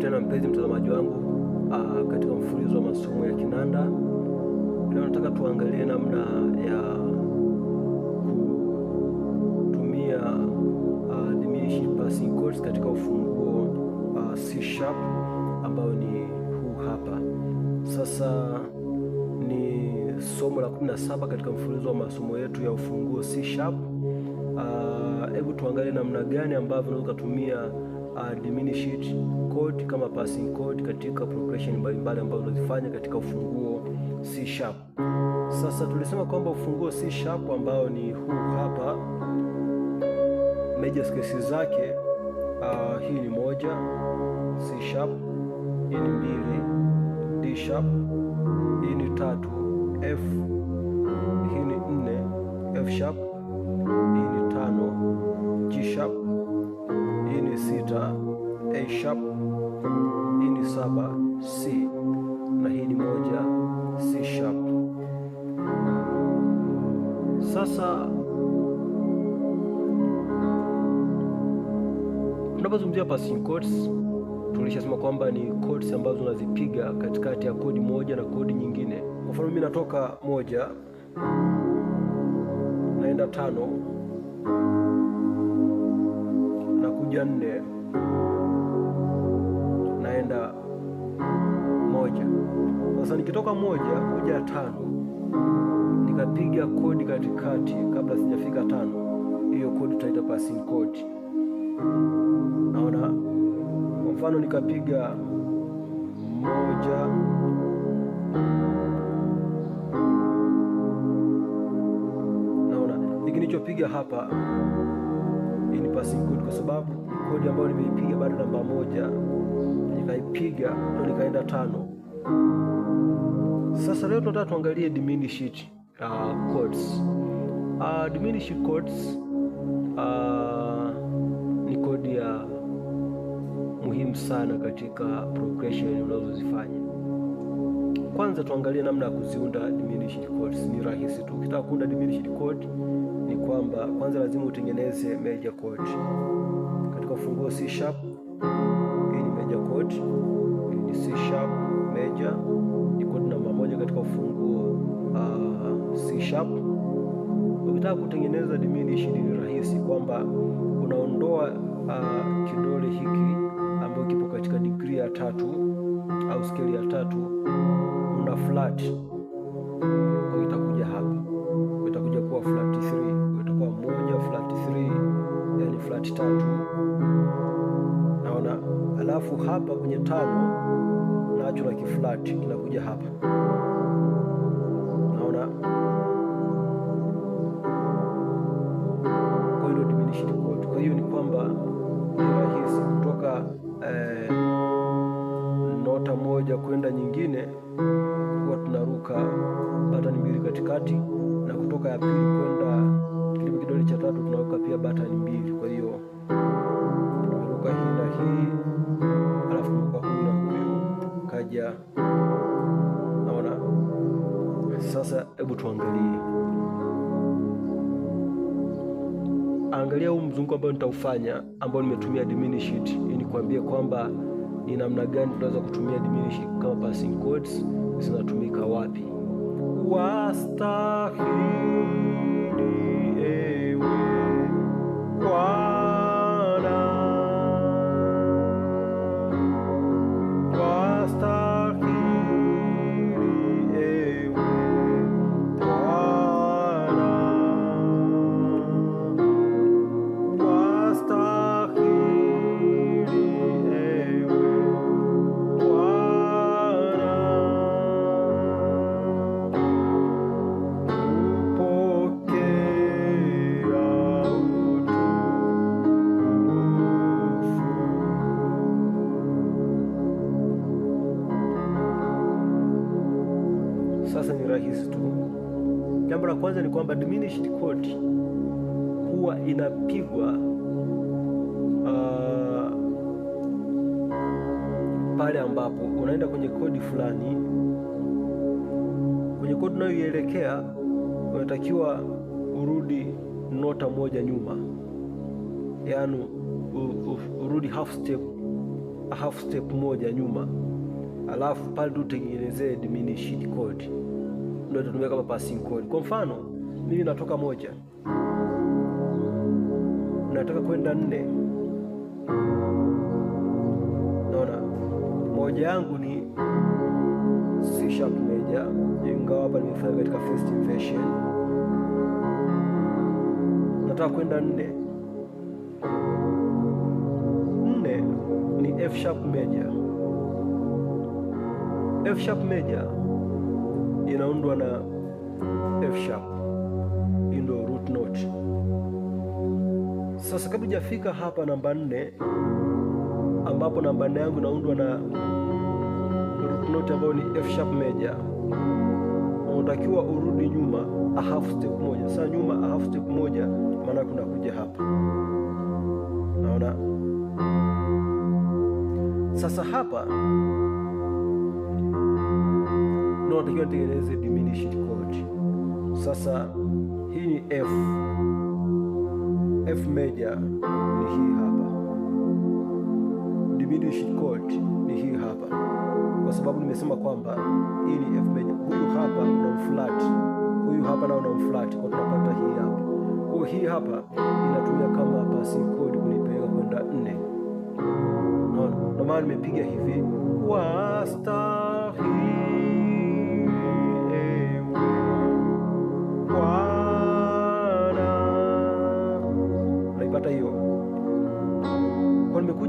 tena mpenzi mtazamaji wangu uh, katika mfululizo wa masomo ya kinanda. Leo nataka tuangalie namna ya kutumia uh, diminished passing chords katika ufunguo uh, C sharp ambao ni huu hapa. Sasa ni somo la 17 katika mfululizo wa masomo yetu ya ufunguo C sharp. Hebu uh, tuangalie namna gani ambavyo unaweza kutumia uh, diminished chord kama passing chord katika progression mbalimbali ambazo unazifanya katika ufunguo C sharp. Sasa tulisema kwamba ufunguo C sharp ambao ni huu hapa, major scales zake uh, hii ni moja C sharp, hii ni mbili D sharp, hii ni tatu F, hii ni nne F sharp, hii ni tano G sharp ni sita, A sharp, hii e ni saba, C na hii ni moja, C sharp. Sasa tunapozungumzia passing chords tulishasema kwamba ni chords ambazo unazipiga katikati ya kodi moja na kodi nyingine. Kwa mfano mimi natoka moja naenda tano kuja nne naenda moja. Sasa nikitoka moja kuja tano, nikapiga kodi katikati kabla sijafika tano, hiyo kodi tutaita passing kodi. Naona kwa mfano nikapiga moja naona hiki nichopiga hapa hii ni passing code kwa sababu kodi ambayo nimeipiga bado namba moja, nikaipiga ndo nikaenda tano. Sasa leo tunataka tuangalie diminished uh, chords. Uh, diminished chords uh, ni kodi ya muhimu sana katika progression unazozifanya. Kwanza tuangalie namna ya kuziunda diminished chords. Ni rahisi tu, ukitaka kuunda diminished chord ni kwamba kwanza lazima utengeneze major chord. Katika ufunguo C sharp, hii ni major chord, hii ni C sharp major, ni chord namba moja katika ufunguo uh, C sharp. Ukitaka kutengeneza diminished ni rahisi kwamba unaondoa uh, kidole hiki ambayo kipo katika degree ya tatu au scale ya tatu, una flat kati tatu, naona alafu hapa kwenye tano natural kiflati kinakuja hapa, naona kwa hiyo diminished chord. Kwa hiyo ni kwamba ni rahisi kutoka eh, nota moja kwenda nyingine, huwa tunaruka batani mbili katikati na kutoka ya pili kwenda kidole cha tatu tunaweka pia batani mbili, kwa hiyo tumeruka hii na hii, alafu kwa huyu na huyu kaja. Naona sasa, hebu tuangalie, angalia huu mzunguko ambao nitaufanya, ambao nimetumia diminished, ili nikuambie kwamba ni namna gani tunaweza kutumia diminished kama passing chords zinatumika wapi. Wastahili hizi tu. Jambo la kwanza ni kwamba diminished quote huwa inapigwa uh, pale ambapo unaenda kwenye kodi fulani, kwenye kodi unayoielekea unatakiwa urudi nota moja nyuma, yaani urudi half step, half step moja nyuma, alafu pale ndio utengenezee diminished chord ndio itatumika kama passing chord. Kwa mfano mimi natoka moja, nataka kwenda nne, naona moja yangu ni C sharp major, ingawa hapa nimefanya katika first inversion. Nataka kwenda nne, nne ni F sharp major, F sharp major inaundwa na F sharp, hii ndio root note. Sasa kabla hujafika hapa namba nne, ambapo namba nne yangu inaundwa na root note ambayo ni F sharp major, unatakiwa urudi nyuma a half step moja. Sasa nyuma a half step moja, maana kuna kuja hapa, naona sasa hapa natakiwa nitengeneze diminished chord. Sasa hii ni F, F major ni hii hapa, diminished chord ni hii hapa, kwa sababu nimesema kwamba hii ni F major. Huyu hapa una flat, huyu hapa na una flat, kwa tunapata hii hapa. Kwa hii hapa inatumia kama passing chord kunipeleka kwenda nne. Ndio maana nimepiga hivi wastahili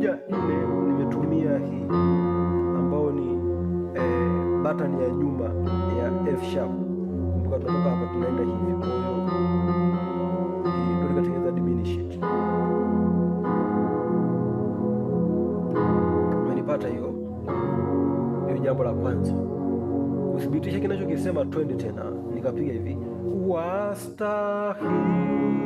moja nne nimetumia hii ambayo ni eh, button ya nyuma ya F sharp. Kumbuka tunatoka hapa tunaenda hivi, kwa hiyo hiyo? Hiyo jambo la kwanza kuthibitisha kinachokisema, twende tena nikapiga hivi wastahili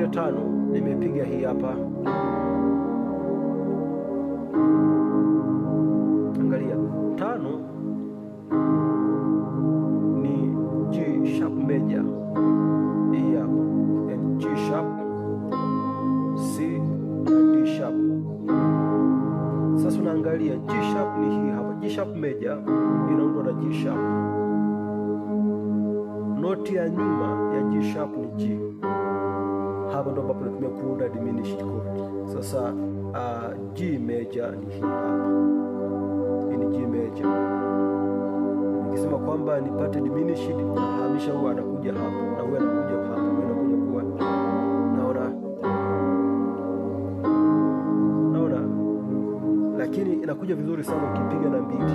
redio tano nimepiga hii hapa, angalia tano ni G sharp major, hii hapa yani G sharp, C na D sharp. Sasa unaangalia G sharp ni hii hapa, G sharp major inaundwa na G sharp noti ya nyuma ya G sharp ni G. Hapo ndo ambapo natumia kuunda diminished chord. Sasa uh, G major ni hii hapa, ni G major. Nikisema kwamba nipate diminished, nahamisha huwa anakuja hapo na huyu anakuja hapo, anakuja kuwa naona naona, lakini inakuja vizuri sana ukipiga na mbili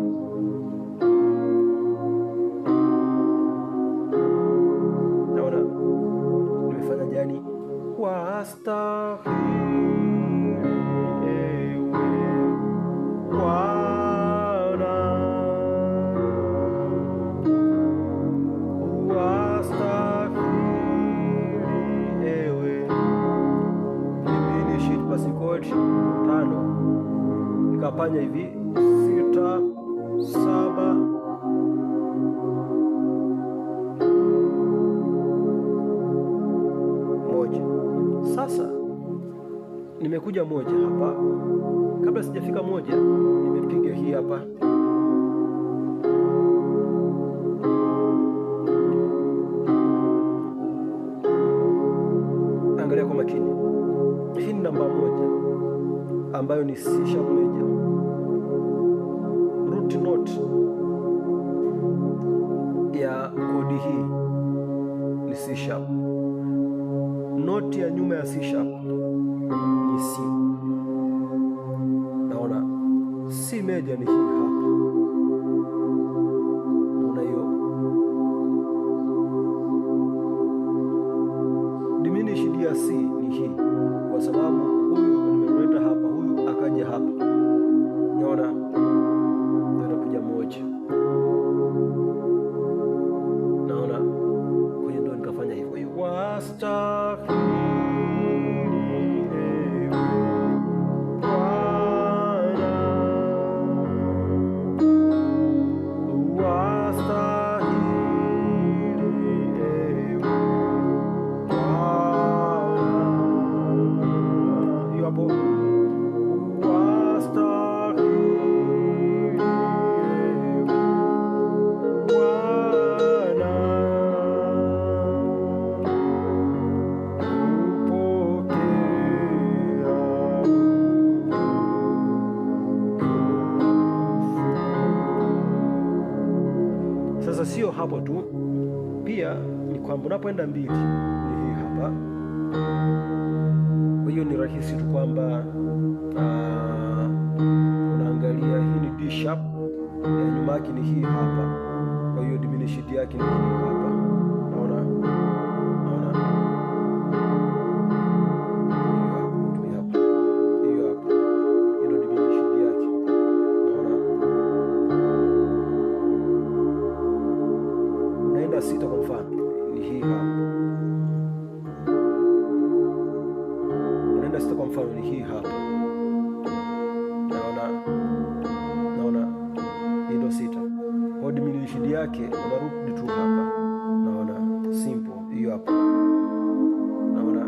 Unastahili ewe Bwana, unastahili ewe. tano nikafanya hivi sita saba nimekuja moja hapa, kabla sijafika moja nimepiga hii hapa Angalia kwa makini, hii ni namba moja ambayo ni C sharp major root note ya kodi hii ni C sharp, noti ya nyuma ya C sharp media ni hii hapa. kwamba unapoenda mbili ni hii hapa. Kwa hiyo ni rahisi tu kwamba ah, unaangalia hii ni D sharp ya nyuma yake ni hii hapa, kwa hiyo diminished yake ni hii hapa. Brenda Sita kwa mfano ni hii hapa, naona naona hii ndo sita, kwa diminution yake unarudi tu hapa, naona simple hiyo hapa, naona.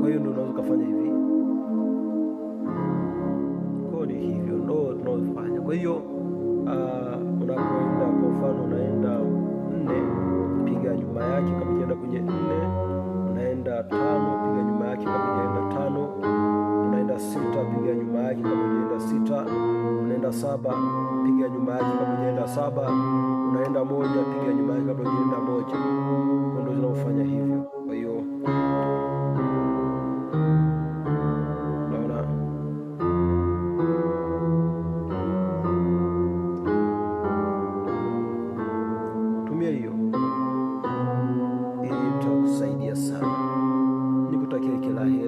Kwa hiyo ndio unaweza kufanya hivi, kwa ni hivyo ndo tunaofanya. Kwa hiyo uh, ah, unapoenda kwa mfano unaenda nne, piga nyuma yake, kama unaenda kwenye nne unaenda tano saba, piga nyuma yake kabla hujaenda saba. Unaenda moja, piga nyuma yake kabla hujaenda moja. Ndio zinaofanya hivyo. Kwa hiyo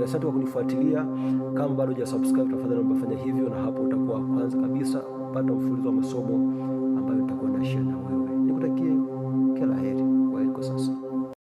Asante kwa kunifuatilia. Kama bado hujasubscribe tafadhali unapofanya hivyo, na hapo utakuwa kwanza kabisa kupata mfululizo wa masomo